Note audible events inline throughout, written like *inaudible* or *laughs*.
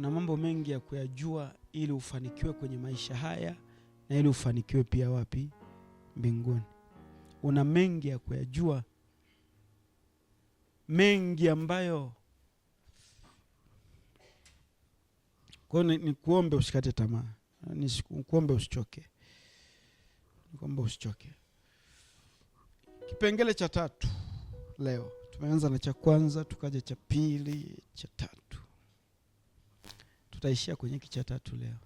Kuna mambo mengi ya kuyajua ili ufanikiwe kwenye maisha haya na ili ufanikiwe pia wapi? Mbinguni. Una mengi ya kuyajua, mengi ambayo kwa hiyo nikuombe usikate tamaa, nikuombe usichoke, nikuombe usichoke. Kipengele cha tatu leo tumeanza na cha kwanza, tukaja cha pili, cha tatu tutaishia kwenye kicha tatu leo,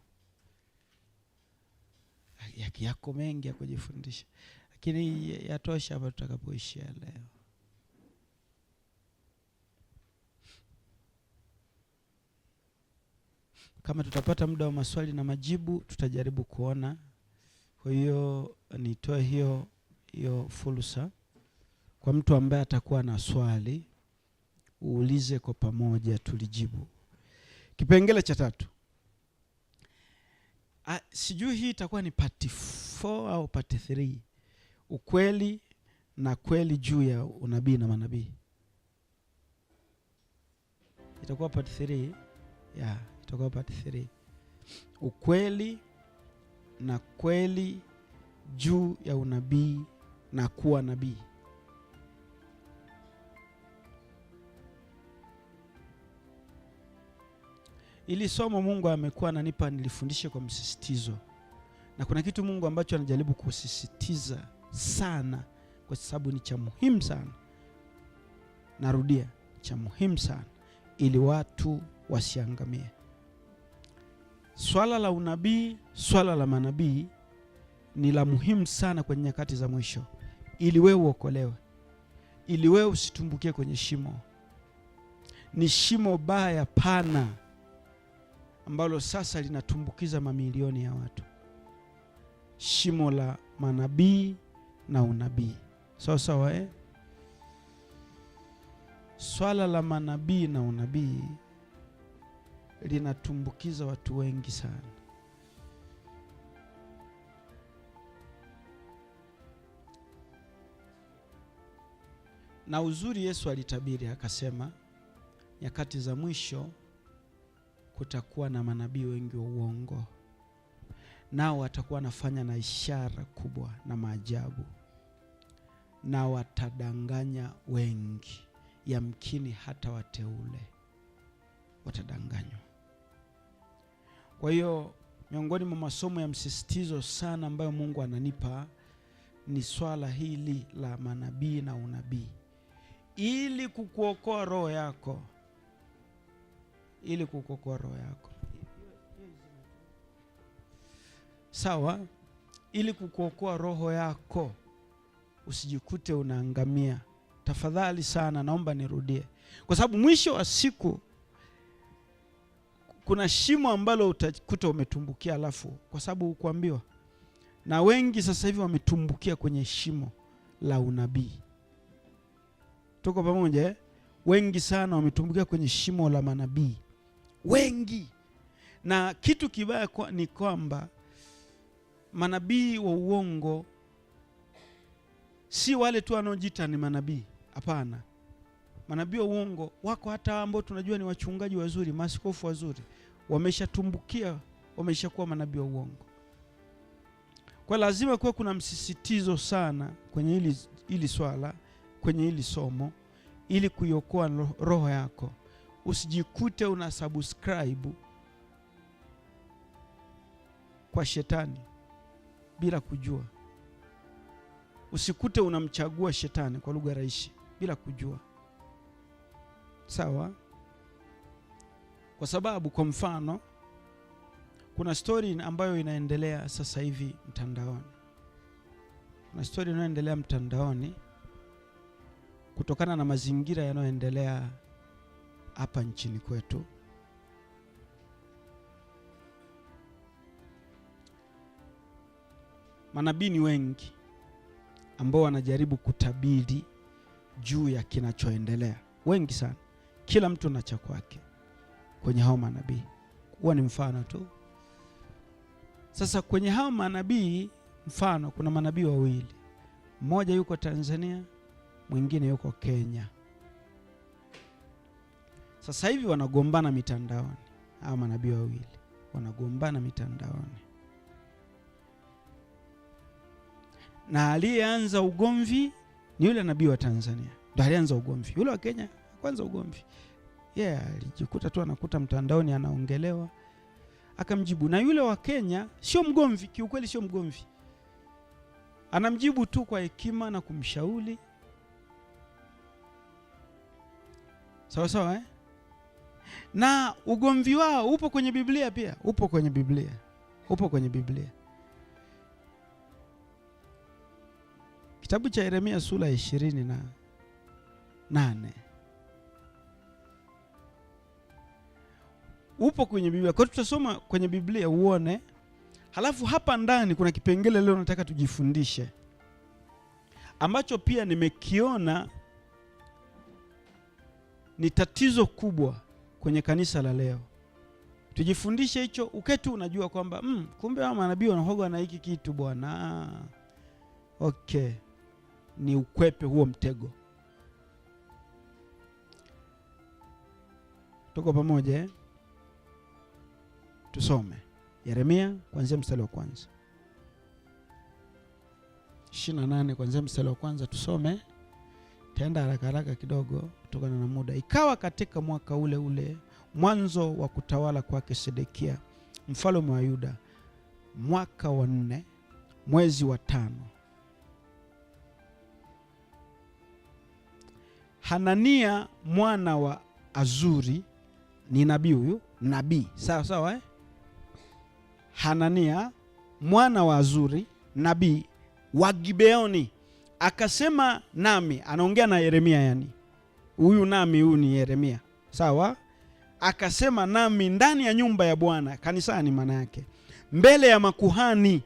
yako mengi ya kujifundisha, lakini yatosha hapa tutakapoishia leo. Kama tutapata muda wa maswali na majibu, tutajaribu kuona. Kwa hiyo nitoe hiyo hiyo fursa kwa mtu ambaye atakuwa na swali, uulize kwa pamoja, tulijibu. Kipengele cha tatu, A, ah, sijui hii itakuwa ni part 4 au part 3, ukweli na kweli juu ya unabii na manabii. Itakuwa part 3 ya itakuwa part 3, ukweli na kweli juu ya unabii na kuwa nabii. Ili somo Mungu amekuwa ananipa nilifundishe kwa msisitizo, na kuna kitu Mungu ambacho anajaribu kusisitiza sana, kwa sababu ni cha muhimu sana. Narudia, cha muhimu sana, ili watu wasiangamie. Swala la unabii, swala la manabii ni la muhimu sana kwenye nyakati za mwisho, ili wewe uokolewe, ili wewe usitumbukie kwenye shimo. Ni shimo baya pana ambalo sasa linatumbukiza mamilioni ya watu, shimo la manabii na unabii. Sawa sawa, eh? Swala la manabii na unabii linatumbukiza watu wengi sana. Na uzuri Yesu alitabiri akasema, nyakati za mwisho kutakuwa na manabii wengi wa uongo, nao watakuwa wanafanya na ishara kubwa na maajabu, na watadanganya wengi, yamkini hata wateule watadanganywa. Kwa hiyo miongoni mwa masomo ya msisitizo sana ambayo Mungu ananipa ni swala hili la manabii na unabii, ili kukuokoa roho yako ili kukokoa roho yako. Sawa, ili kukuokoa roho yako usijikute unaangamia. Tafadhali sana, naomba nirudie, kwa sababu mwisho wa siku kuna shimo ambalo utakuta umetumbukia, alafu kwa sababu hukuambiwa. Na wengi sasa hivi wametumbukia kwenye shimo la unabii. Tuko pamoja eh? Wengi sana wametumbukia kwenye shimo la manabii wengi, na kitu kibaya kwa, ni kwamba manabii wa uongo si wale tu wanaojita ni manabii. Hapana, manabii wa uongo wako hata ambao tunajua ni wachungaji wazuri, maskofu wazuri, wameshatumbukia, wameshakuwa manabii wa uongo. Kwa lazima kuwe kuna msisitizo sana kwenye hili swala, kwenye hili somo, ili kuiokoa roho yako usijikute una subscribe kwa shetani bila kujua, usikute unamchagua shetani kwa lugha rahisi bila kujua, sawa? Kwa sababu kwa mfano, kuna stori ambayo inaendelea sasa hivi mtandaoni, kuna stori inayoendelea mtandaoni kutokana na mazingira yanayoendelea hapa nchini kwetu. Manabii ni wengi ambao wanajaribu kutabiri juu ya kinachoendelea, wengi sana, kila mtu na cha kwake kwenye hao manabii. Huwa ni mfano tu. Sasa kwenye hao manabii, mfano kuna manabii wawili, mmoja yuko Tanzania, mwingine yuko Kenya. Sasa hivi wanagombana mitandaoni, hawa manabii wawili wanagombana mitandaoni, na aliyeanza ugomvi ni yule nabii wa Tanzania, ndo alianza ugomvi. Yule wa Kenya kwanza ugomvi ye, yeah, alijikuta tu anakuta mtandaoni anaongelewa, akamjibu. Na yule wa Kenya sio mgomvi, kiukweli sio mgomvi, anamjibu tu kwa hekima na kumshauri sawa sawa, eh? na ugomvi wao upo kwenye Biblia pia, upo kwenye Biblia, upo kwenye Biblia. Kitabu cha Yeremia sura ya ishirini na nane upo kwenye Biblia. Kwa tutasoma kwenye Biblia uone, halafu hapa ndani kuna kipengele leo nataka tujifundishe, ambacho pia nimekiona ni tatizo kubwa kwenye kanisa la leo. Tujifundishe hicho uketu, unajua kwamba mm, kumbe a manabii wanahoga na hiki kitu bwana. Okay, ni ukwepe huo mtego. Tuko pamoja eh? Tusome Yeremia kuanzia mstari wa kwanza 28 kuanzia mstari wa kwanza tusome taenda haraka haraka kidogo kutokana na muda. Ikawa katika mwaka ule ule, mwanzo wa kutawala kwake Sedekia mfalme wa Yuda, mwaka wa nne, mwezi wa tano, Hanania mwana wa Azuri, ni nabii huyu, nabii sawa sawa, eh? Hanania mwana wa Azuri, nabii wa Gibeoni akasema nami, anaongea na Yeremia, yani huyu nami, huyu ni Yeremia, sawa. Akasema nami ndani ya nyumba ya Bwana, kanisani maana yake, mbele ya makuhani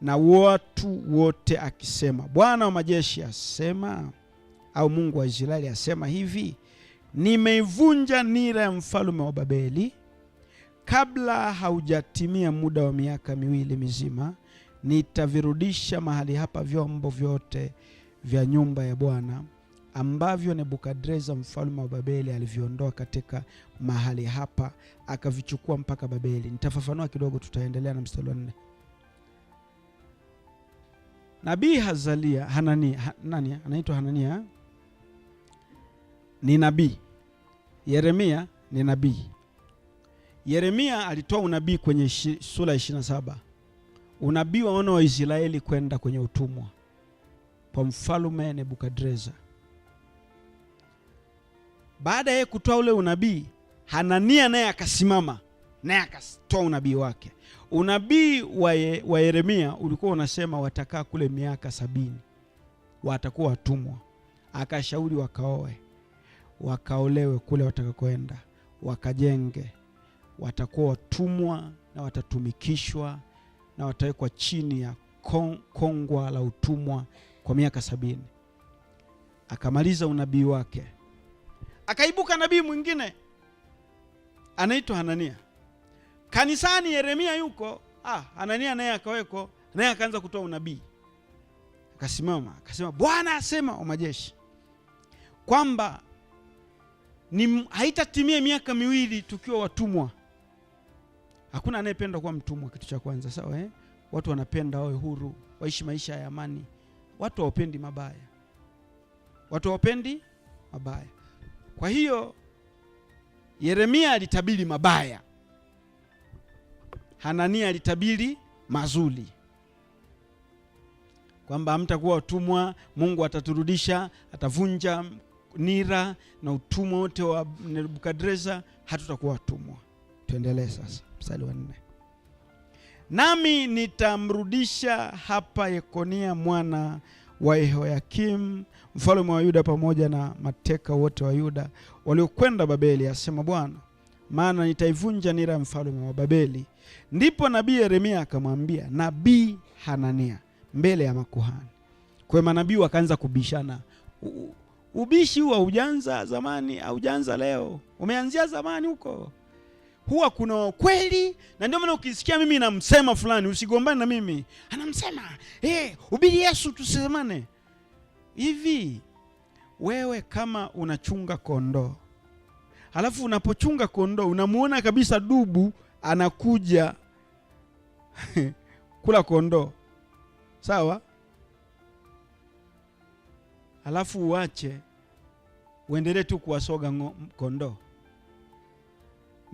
na watu wote, akisema Bwana wa majeshi asema, au Mungu wa Israeli asema hivi, nimeivunja nira ya mfalme wa Babeli kabla haujatimia muda wa miaka miwili mizima nitavirudisha mahali hapa vyombo vyote vya nyumba ya Bwana ambavyo Nebukadreza mfalme wa Babeli aliviondoa katika mahali hapa akavichukua mpaka Babeli. Nitafafanua kidogo, tutaendelea na mstari wa nne. Nabii Hazalia Hanania, nani anaitwa Hanania ni nabii, Yeremia ni nabii. Yeremia alitoa unabii kwenye sura ya 27 unabii wa wana wa Israeli kwenda kwenye utumwa kwa mfalume Nebukadreza. Baada ya kutoa ule unabii, Hanania naye akasimama naye akatoa unabii wake. Unabii wa, ye, wa Yeremia ulikuwa unasema watakaa kule miaka sabini watakuwa watumwa. Akashauri wakaoe, wakaolewe kule watakakoenda, wakajenge, watakuwa watumwa na watatumikishwa na watawekwa chini ya kongwa la utumwa kwa miaka sabini. Akamaliza unabii wake, akaibuka nabii mwingine anaitwa Hanania kanisani. Yeremia yuko ah, Hanania naye akaweko naye, akaanza kutoa unabii. Akasimama akasema, Bwana asema wa majeshi kwamba ni haitatimia miaka miwili tukiwa watumwa Hakuna anayependa kuwa mtumwa, kitu cha kwanza, sawa eh? Watu wanapenda wawe huru, waishi maisha ya amani. Watu hawapendi mabaya, watu hawapendi mabaya. Kwa hiyo Yeremia alitabiri mabaya, Hanania alitabiri mazuri, kwamba hamtakuwa watumwa, Mungu ataturudisha, atavunja nira na utumwa wote wa Nebukadreza, hatutakuwa watumwa. Tuendelee sasa, mstari wa nne. Nami nitamrudisha hapa Yekonia mwana wa Yehoyakimu mfalme wa Yuda pamoja na mateka wote wa Yuda waliokwenda Babeli, asema Bwana, maana nitaivunja nira mfalme wa Babeli. Ndipo nabii Yeremia akamwambia nabii Hanania mbele ya makuhani. Kwa manabii wakaanza kubishana. Ubishi huu ujanza zamani, haujaanza leo, umeanzia zamani huko huwa kuna kweli, na ndio maana ukisikia mimi namsema fulani, usigombane na mimi, anamsema hey, eh, ubiri Yesu, tusisemane hivi. Wewe kama unachunga kondoo halafu unapochunga kondoo unamuona kabisa dubu anakuja *laughs* kula kondoo, sawa? Halafu uache uendelee tu kuwasoga kondoo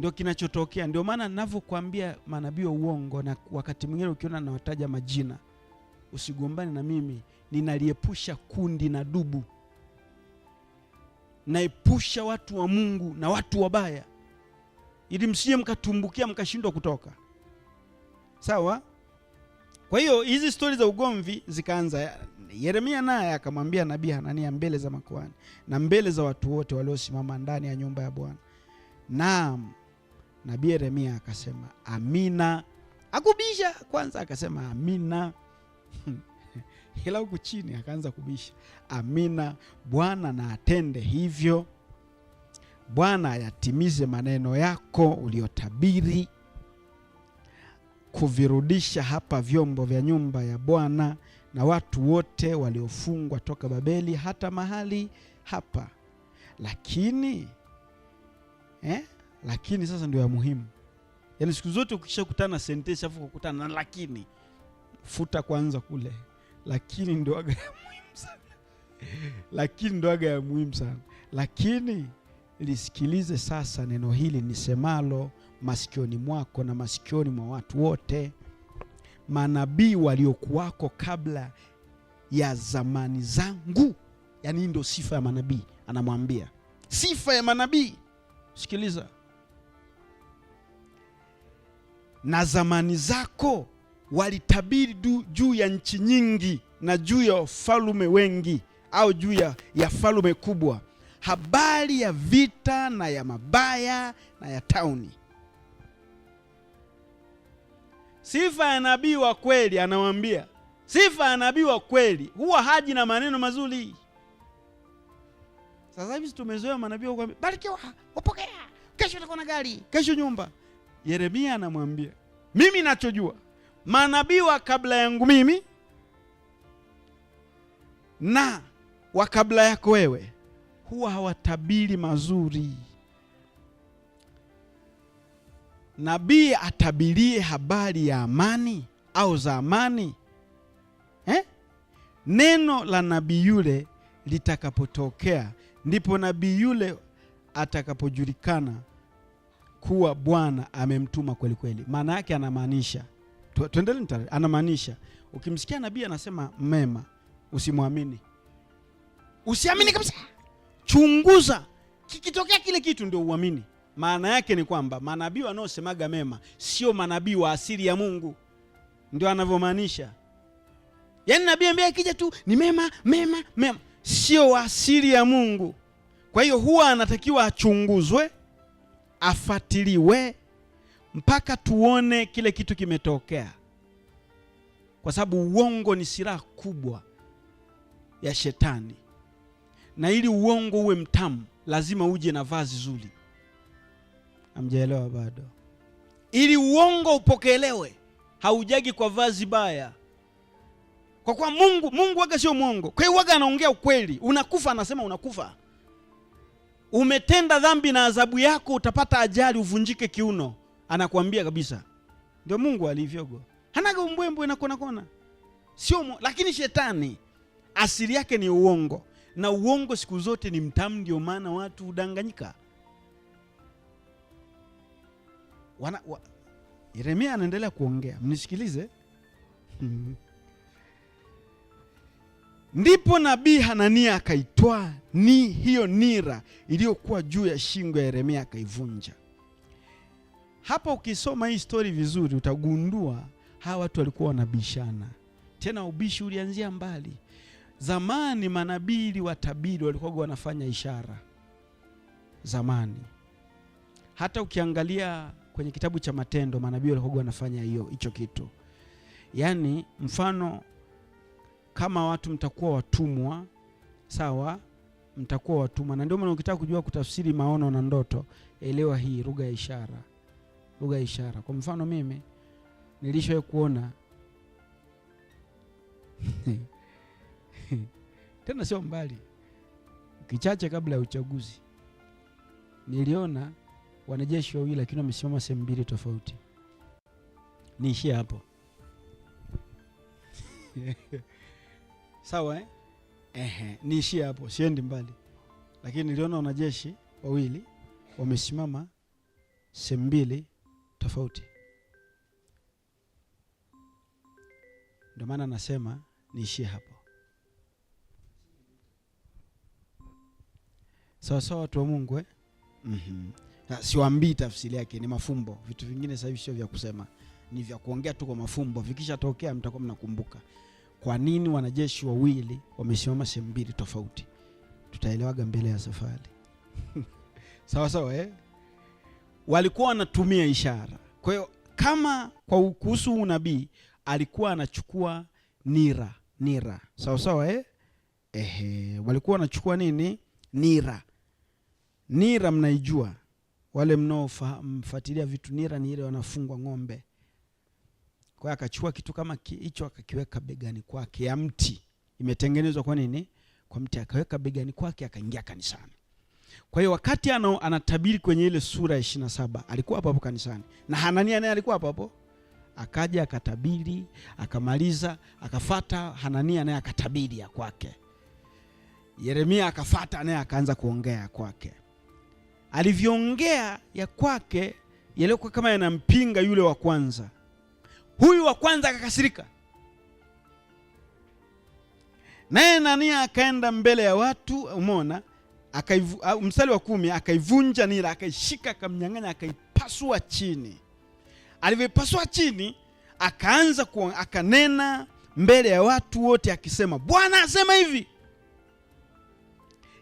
ndio kinachotokea. Ndio maana ninavyokuambia manabii wa uongo, na wakati mwingine ukiona nawataja majina, usigombane na mimi, ninaliepusha kundi na dubu, naepusha watu wa Mungu na watu wabaya, ili msije mkatumbukia mkashindwa kutoka. Sawa. Kwa hiyo hizi stori za ugomvi zikaanza. Yeremia naye akamwambia nabii Hanania mbele za makuhani na mbele za watu wote waliosimama ndani ya nyumba ya Bwana, naam Nabii Yeremia akasema amina, akubisha kwanza, akasema amina ila *laughs* huku chini akaanza kubisha amina. Bwana na atende hivyo, Bwana ayatimize maneno yako uliyotabiri kuvirudisha hapa vyombo vya nyumba ya Bwana na watu wote waliofungwa toka Babeli hata mahali hapa, lakini eh? lakini sasa ndio ya muhimu. Yaani siku zote ukishakutana na sentensi afu kukutana na lakini, futa kwanza kule lakini, ndio aga ya muhimu sana lakini ndio aga ya muhimu sana lakini lisikilize sasa neno hili nisemalo masikioni mwako na masikioni mwa watu wote, manabii waliokuwako kabla ya zamani zangu. Yaani hii ndio sifa ya manabii, anamwambia sifa ya manabii, sikiliza na zamani zako walitabiri juu ya nchi nyingi na juu ya wafalume wengi au juu ya, ya falume kubwa habari ya vita na ya mabaya na ya tauni. Sifa ya nabii wa kweli anawambia sifa ya nabii wa kweli huwa haji na maneno mazuri. Sasa hivi tumezoea manabii wa barikiwa, wapokea, kesho utakuwa na gari, kesho nyumba Yeremia anamwambia mimi nachojua, manabii wa kabla yangu mimi na wa kabla yako wewe huwa hawatabiri mazuri. Nabii atabirie habari ya amani au za amani eh? Neno la nabii yule litakapotokea ndipo nabii yule atakapojulikana kuwa Bwana amemtuma kweli kweli. Maana yake anamaanisha, tuendelee, anamaanisha ukimsikia nabii anasema mema, usimwamini, usiamini kabisa, chunguza. Kikitokea kile kitu ndio uamini. Maana yake ni kwamba manabii wanaosemaga mema sio manabii wa asili ya Mungu, ndio anavyomaanisha. Yaani nabii ambaye akija tu ni mema mema mema, sio wa asili ya Mungu. Kwa hiyo huwa anatakiwa achunguzwe afatiliwe mpaka tuone kile kitu kimetokea, kwa sababu uongo ni silaha kubwa ya Shetani, na ili uongo uwe mtamu lazima uje na vazi zuri. Amjaelewa bado? Ili uongo upokelewe haujagi kwa vazi baya, kwa kuwa Mungu Mungu waga sio mwongo. Kwa hiyo waga anaongea ukweli, unakufa anasema unakufa umetenda dhambi na adhabu yako utapata ajali, uvunjike kiuno. Anakuambia kabisa, ndio Mungu alivyogo, hanaga umbwembwe na kona kona, sio. Lakini shetani asili yake ni uongo, na uongo siku zote ni mtamu. Ndio maana watu hudanganyika. Wana, wa, Yeremia anaendelea kuongea, mnisikilize *laughs* Ndipo nabii Hanania akaitwaa ni hiyo nira iliyokuwa juu ya shingo ya Yeremia akaivunja. Hapa ukisoma hii stori vizuri, utagundua hawa watu walikuwa wanabishana, tena ubishi ulianzia mbali. Zamani manabii watabiri walikuwa wanafanya ishara zamani. Hata ukiangalia kwenye kitabu cha Matendo, manabii walikuwa wanafanya hiyo hicho kitu, yaani mfano kama watu mtakuwa watumwa, sawa, mtakuwa watumwa. Na ndio maana ukitaka kujua kutafsiri maono na ndoto, elewa hii lugha ya ishara, lugha ya ishara. Kwa mfano mimi nilishawahi kuona *laughs* tena sio mbali, kichache kabla ya uchaguzi niliona wanajeshi wawili lakini wamesimama sehemu mbili tofauti. Niishie hapo. *laughs* sawa eh? Ehe, niishie hapo, siendi mbali, lakini niliona wanajeshi wawili wamesimama sehemu mbili tofauti. Ndio maana nasema niishie hapo. Sawa sawa, watu wa Mungu eh? mm -hmm. Siwaambii tafsiri yake, ni mafumbo. Vitu vingine sasa hivi sio vya kusema, ni vya kuongea tu kwa mafumbo, vikishatokea mtakuwa mnakumbuka kwa nini wanajeshi wawili wamesimama sehemu mbili tofauti. Tutaelewaga mbele ya safari *laughs* sawa sawa, eh? Walikuwa wanatumia ishara. Kwa hiyo kama kwa kuhusu unabii alikuwa anachukua nira nira, sawa sawa, eh? Ehe, walikuwa wanachukua nini? Nira. Nira mnaijua wale mnaofuatilia vitu, nira ni ile wanafungwa ng'ombe kwa hiyo akachukua kitu kama hicho akakiweka begani kwake, ya mti imetengenezwa kwa nini? Kwa mti, akaweka begani kwake, akaingia kanisani. Kwa hiyo wakati ano, anatabiri kwenye ile sura ya ishirini na saba alikuwa hapo hapo kanisani, na Hanania naye alikuwa hapo hapo, akaja akatabiri, akamaliza, akafata Hanania naye akatabiri ya kwake, Yeremia akafata naye akaanza kuongea ya kwake. Alivyoongea ya kwake yalikuwa kama yanampinga yule wa kwanza Huyu wa kwanza akakasirika, naye nania akaenda mbele ya watu, umona mstari wa kumi, akaivunja nira, akaishika, akamnyang'anya, akaipasua chini. Alivyoipasua chini, akaanza akanena mbele ya watu wote akisema, Bwana asema hivi,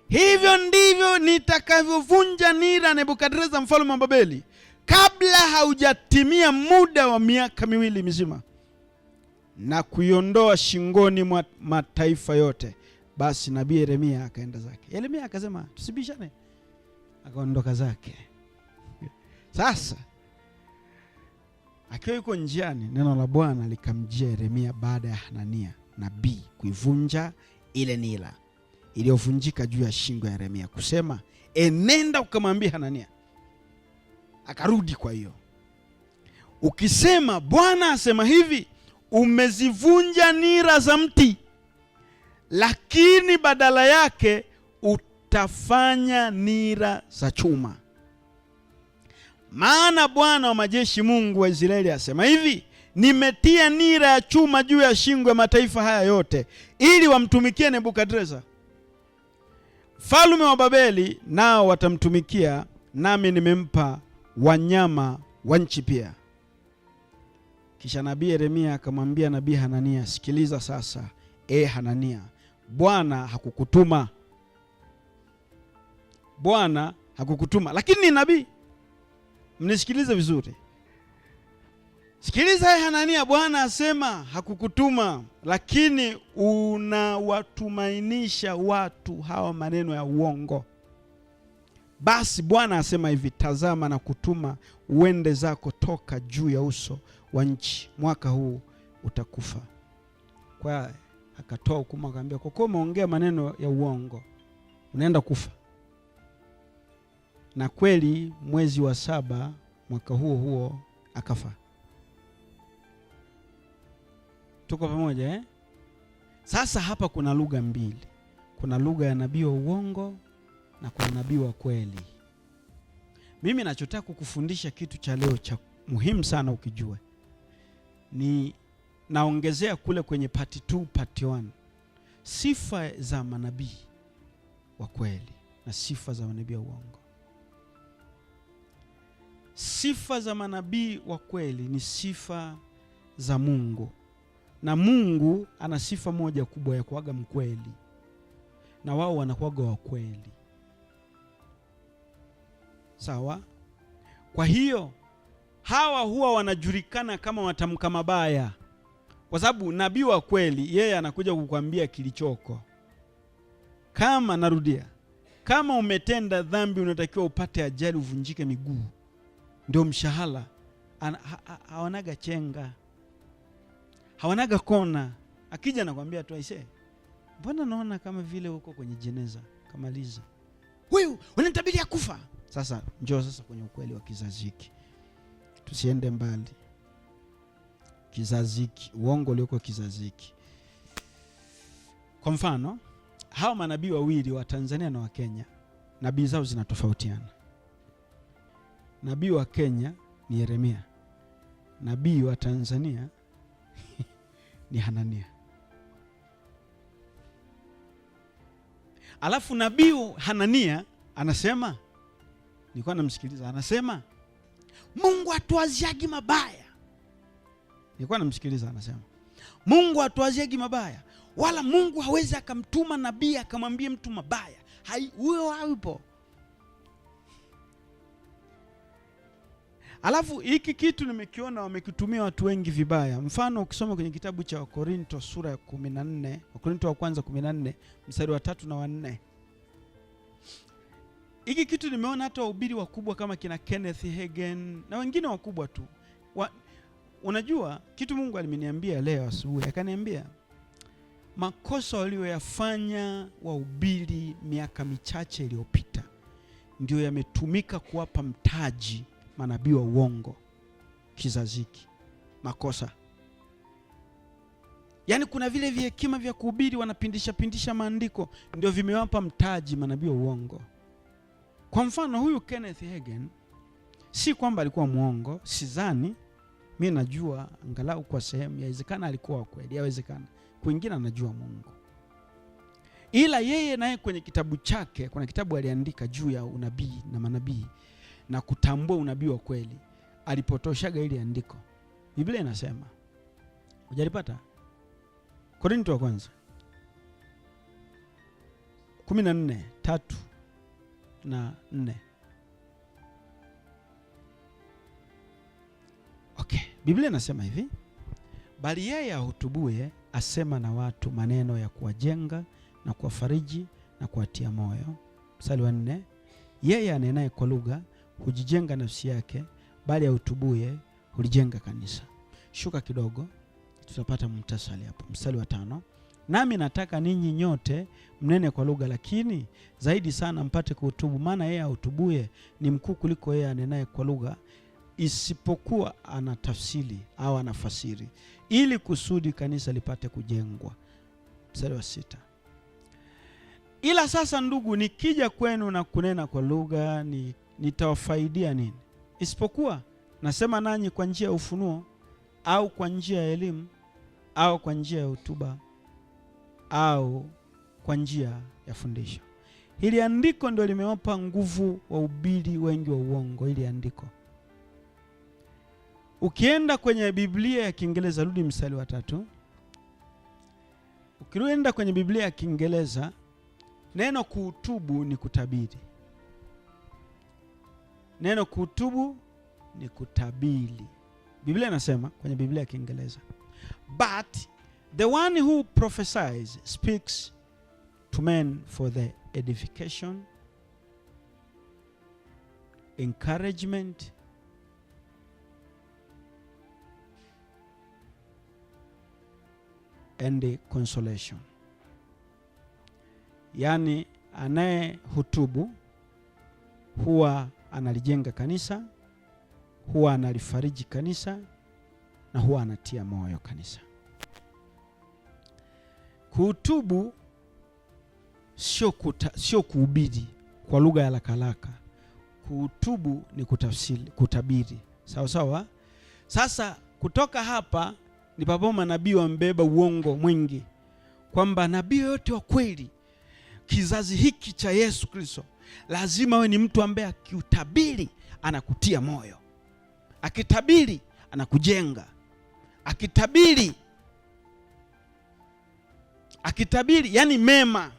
hivyo ndivyo nitakavyovunja nira Nebukadreza mfalume wa Babeli kabla haujatimia muda wa miaka miwili mizima na kuiondoa shingoni mwa mataifa yote. Basi nabii Yeremia akaenda zake. Yeremia akasema tusibishane, akaondoka zake. Sasa akiwa yuko njiani, neno la Bwana likamjia Yeremia baada ya Hanania nabii kuivunja ile nila iliyovunjika juu ya shingo ya Yeremia, kusema enenda ukamwambia Hanania akarudi. Kwa hiyo ukisema Bwana asema hivi, umezivunja nira za mti, lakini badala yake utafanya nira za chuma. Maana Bwana wa majeshi, Mungu wa Israeli, asema hivi, nimetia nira ya chuma juu ya shingo ya mataifa haya yote, ili wamtumikie Nebukadreza mfalume wa Babeli, nao watamtumikia, nami nimempa wanyama wa nchi pia. Kisha nabii Yeremia akamwambia nabii Hanania, sikiliza sasa, e Hanania, Bwana hakukutuma, Bwana hakukutuma, lakini ni nabii. Mnisikilize vizuri, sikiliza e Hanania, Bwana asema hakukutuma, lakini unawatumainisha watu hawa maneno ya uongo. Basi Bwana asema hivi, tazama na kutuma uende zako toka juu ya uso wa nchi, mwaka huu utakufa. Kwa akatoa hukumu akaambia, kwa kuwa umeongea maneno ya uongo unaenda kufa. Na kweli mwezi wa saba mwaka huo huo akafa. Tuko pamoja eh? Sasa hapa kuna lugha mbili, kuna lugha ya nabii wa uongo na kwa unabii wa kweli. Mimi nachotaka kukufundisha kitu cha leo cha muhimu sana ukijue, ni naongezea kule kwenye part 2 part 1, sifa za manabii wa kweli na sifa za manabii wa uongo. Sifa za manabii wa kweli ni sifa za Mungu, na Mungu ana sifa moja kubwa ya kuwaga mkweli, na wao wanakuwaga wa kweli. Sawa. Kwa hiyo hawa huwa wanajulikana kama watamka mabaya, kwa sababu nabii wa kweli yeye anakuja kukwambia kilichoko. Kama narudia, kama umetenda dhambi, unatakiwa upate ajali, uvunjike miguu, ndio mshahara. Hawanaga chenga, hawanaga kona. Akija nakwambia tu, mbona naona kama vile uko kwenye jeneza, kamaliza huyu, unanitabiria kufa sasa njoo sasa kwenye ukweli wa kizazi hiki, tusiende mbali. Kizazi hiki, uongo ulioko kizazi hiki. Kwa mfano hawa manabii wawili wa Tanzania na wa Kenya, nabii zao zinatofautiana. Nabii wa Kenya ni Yeremia, nabii wa Tanzania *laughs* ni Hanania. Alafu nabii Hanania anasema nilikuwa namsikiliza anasema, Mungu hatuwaziagi mabaya. Nilikuwa namsikiliza anasema, Mungu hatuwaziagi mabaya, wala Mungu hawezi akamtuma nabii akamwambie mtu mabaya, huyo hayupo. Alafu hiki kitu nimekiona wamekitumia watu wengi vibaya. Mfano, ukisoma kwenye kitabu cha Wakorinto sura ya 14, Wakorinto wa kwanza 14 mstari wa tatu na wanne hiki kitu nimeona hata wahubiri wakubwa kama kina Kenneth Hagen na wengine wakubwa tu wa, unajua kitu Mungu alimeniambia leo asubuhi, akaniambia makosa walioyafanya wahubiri miaka michache iliyopita ndio yametumika kuwapa mtaji manabii wa uongo kizaziki Makosa yaani, kuna vile vihekima vya kuhubiri wanapindisha pindisha maandiko ndio vimewapa mtaji manabii wa uongo. Kwa mfano huyu Kenneth Hagen si kwamba alikuwa mwongo, sidhani. Mi najua angalau kwa sehemu, yawezekana alikuwa kweli, yawezekana kwingine anajua Mungu, ila yeye naye kwenye kitabu chake, kuna kitabu aliandika juu ya unabii na manabii na kutambua unabii wa kweli, alipotoshaga ili andiko. Biblia inasema ujalipata Korinto wa kwanza 14 tatu na nne. Okay, Biblia inasema hivi, bali yeye ahutubuye asema na watu maneno ya kuwajenga na kuwafariji na kuwatia moyo. msali wa nne, yeye anenaye kwa lugha hujijenga nafsi yake, bali ahutubuye hulijenga kanisa. Shuka kidogo, tutapata mtasali hapo. msali wa tano Nami nataka ninyi nyote mnene kwa lugha, lakini zaidi sana mpate kuhutubu, maana yeye ahutubuye ni mkuu kuliko yeye anenaye kwa lugha, isipokuwa anatafsiri au anafasiri, ili kusudi kanisa lipate kujengwa. Mstari wa sita. Ila sasa ndugu, nikija kwenu na kunena kwa lugha ni, nitawafaidia nini? Isipokuwa nasema nanyi kwa njia ya ufunuo au kwa njia ya elimu au kwa njia ya hotuba au kwa njia ya fundisho. Hili andiko ndio limewapa nguvu wahubiri wengi wa uongo. Hili andiko ukienda kwenye Biblia ya Kiingereza, rudi mstari wa tatu. Ukienda kwenye Biblia ya Kiingereza, neno kuutubu ni kutabiri. Neno kuutubu ni kutabiri. Biblia inasema kwenye Biblia ya Kiingereza, but The one who prophesies speaks to men for the edification, encouragement, and consolation. Yaani, anaye hutubu huwa analijenga kanisa, huwa analifariji kanisa na huwa anatia moyo kanisa. Kuhutubu sio sio kuhubiri kwa lugha ya lakalaka. Kuhutubu ni kutafsiri, kutabiri, sawa sawa. Sasa kutoka hapa ni papo manabii wambeba uongo mwingi, kwamba nabii yoyote wa kweli kizazi hiki cha Yesu Kristo lazima awe ni mtu ambaye akiutabiri anakutia moyo, akitabiri anakujenga, akitabiri akitabiri, yani mema.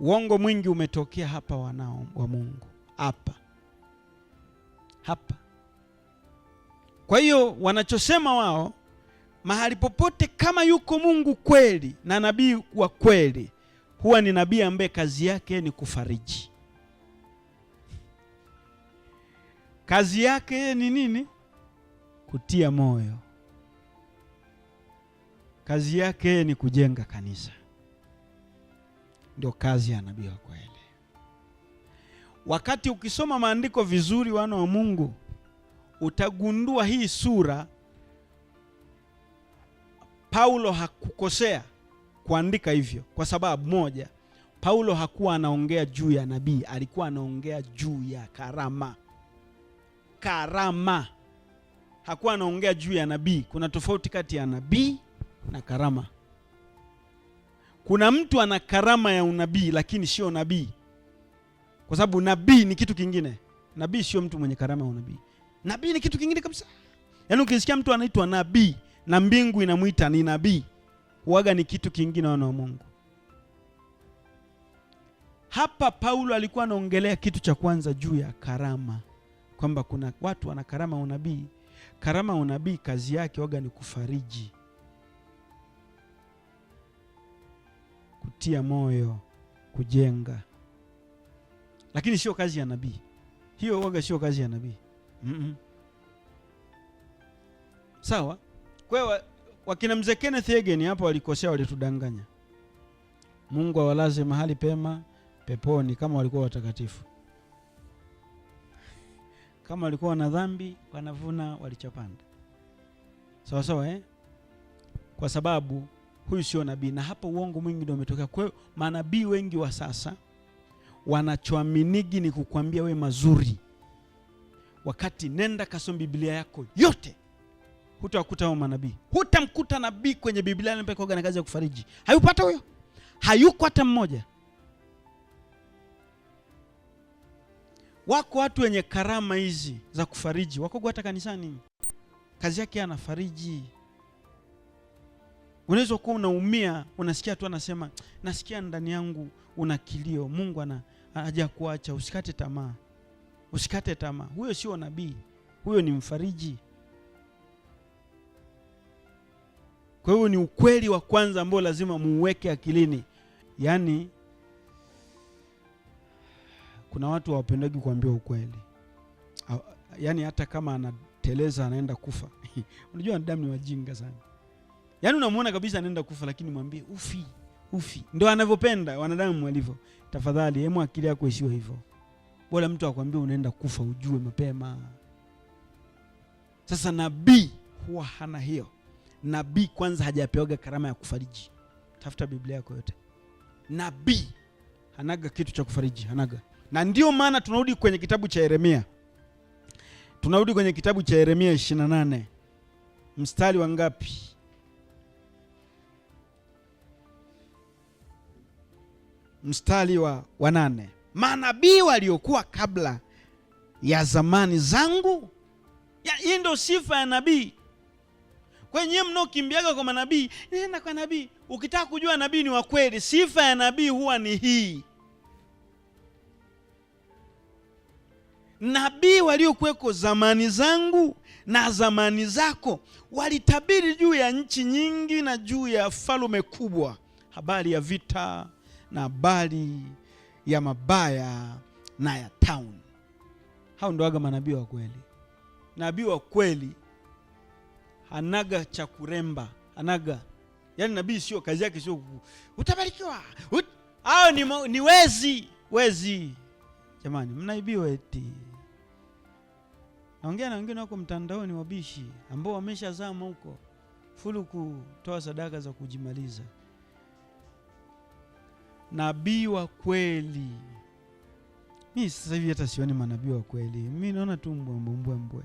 Uongo mwingi umetokea hapa, wanao wa Mungu hapa hapa. Kwa hiyo wanachosema wao, mahali popote kama yuko Mungu kweli na nabii wa kweli, huwa ni nabii ambaye kazi yake ni kufariji. Kazi yake ni nini? Kutia moyo. Kazi yake ni kujenga kanisa, ndio kazi ya nabii wa kweli. Wakati ukisoma maandiko vizuri, wana wa Mungu, utagundua hii sura Paulo hakukosea kuandika hivyo, kwa sababu moja, Paulo hakuwa anaongea juu ya nabii, alikuwa anaongea juu ya karama. Karama hakuwa anaongea juu ya nabii. Kuna tofauti kati ya nabii na karama. Kuna mtu ana karama ya unabii lakini sio nabii, kwa sababu nabii ni kitu kingine. Nabii sio mtu mwenye karama ya unabii. Nabii ni kitu kingine kabisa. Yaani ukisikia mtu anaitwa nabii na mbingu inamwita ni nabii, huaga ni kitu kingine, wana wa Mungu. Hapa Paulo alikuwa anaongelea kitu cha kwanza juu ya karama, kwamba kuna watu wana karama unabii. Karama ya unabii kazi yake waga ni kufariji kutia moyo, kujenga, lakini sio kazi ya nabii hiyo. Waga sio kazi ya nabii mm -mm. Sawa. Kwa hiyo wakina mzee Kenneth Hagin hapo walikosea, walitudanganya. Mungu awalaze mahali pema peponi kama walikuwa watakatifu. Kama walikuwa wana dhambi, wanavuna walichopanda. Sawa sawa, eh? Kwa sababu huyu sio nabii, na hapa uongo mwingi ndio umetokea. Kwa hiyo manabii wengi wa sasa wanachoaminigi ni kukwambia we mazuri, wakati nenda kasoma Biblia yako yote hutawakuta hao manabii. Hutamkuta nabii kwenye Biblia anapekoga na kazi ya kufariji, hayupata huyo, hayuko hata mmoja. Wako watu wenye karama hizi za kufariji, wakogo hata kanisani, kazi yake anafariji Unaweza kuwa unaumia, unasikia tu anasema, nasikia ndani yangu una kilio, Mungu ana kuacha usikate tamaa, usikate tamaa. Huyo sio nabii, huyo ni mfariji. Kwa hiyo ni ukweli wa kwanza ambao lazima muuweke akilini. Yaani, kuna watu hawapendagi kuambia ukweli, yaani hata kama anateleza anaenda kufa *laughs* unajua, damu ni wajinga sana. Yaani unamuona kabisa anaenda kufa lakini mwambie ufi, ufi. Ndio anavyopenda wanadamu walivyo. Tafadhali hemu akili yako isiwe hivyo. Bora mtu akwambie unaenda kufa ujue mapema. Sasa nabii huwa hana hiyo. Nabii kwanza hajapewaga karama ya kufariji. Tafuta Biblia yako yote. Nabii hanaga kitu cha kufariji, hanaga. Na ndio maana tunarudi kwenye kitabu cha Yeremia. Tunarudi kwenye kitabu cha Yeremia 28 mstari wa ngapi? mstari wa wanane, manabii waliokuwa kabla ya zamani zangu. Hii ndio sifa ya nabii. Kwa nyinyi mnaokimbiaga kwa manabii, nenda kwa nabii. Ukitaka kujua nabii ni wa kweli, sifa ya nabii huwa ni hii. Nabii waliokuweko zamani zangu na zamani zako walitabiri juu ya nchi nyingi na juu ya falme kubwa, habari ya vita, na habari ya mabaya na ya town Hao ndo waga manabii wa kweli. Nabii wa kweli hanaga cha kuremba, anaga yaani, nabii sio kazi yake, sio utabarikiwa ut, au ni, ni wezi wezi. Jamani, mnaibiwa eti. Naongea na wengine wako mtandaoni, wabishi ambao wameshazama huko, fulu kutoa sadaka za kujimaliza nabii wa kweli. Mi sasa hivi hata sioni manabii wa kweli, mi naona tu mbwembwembwembwe.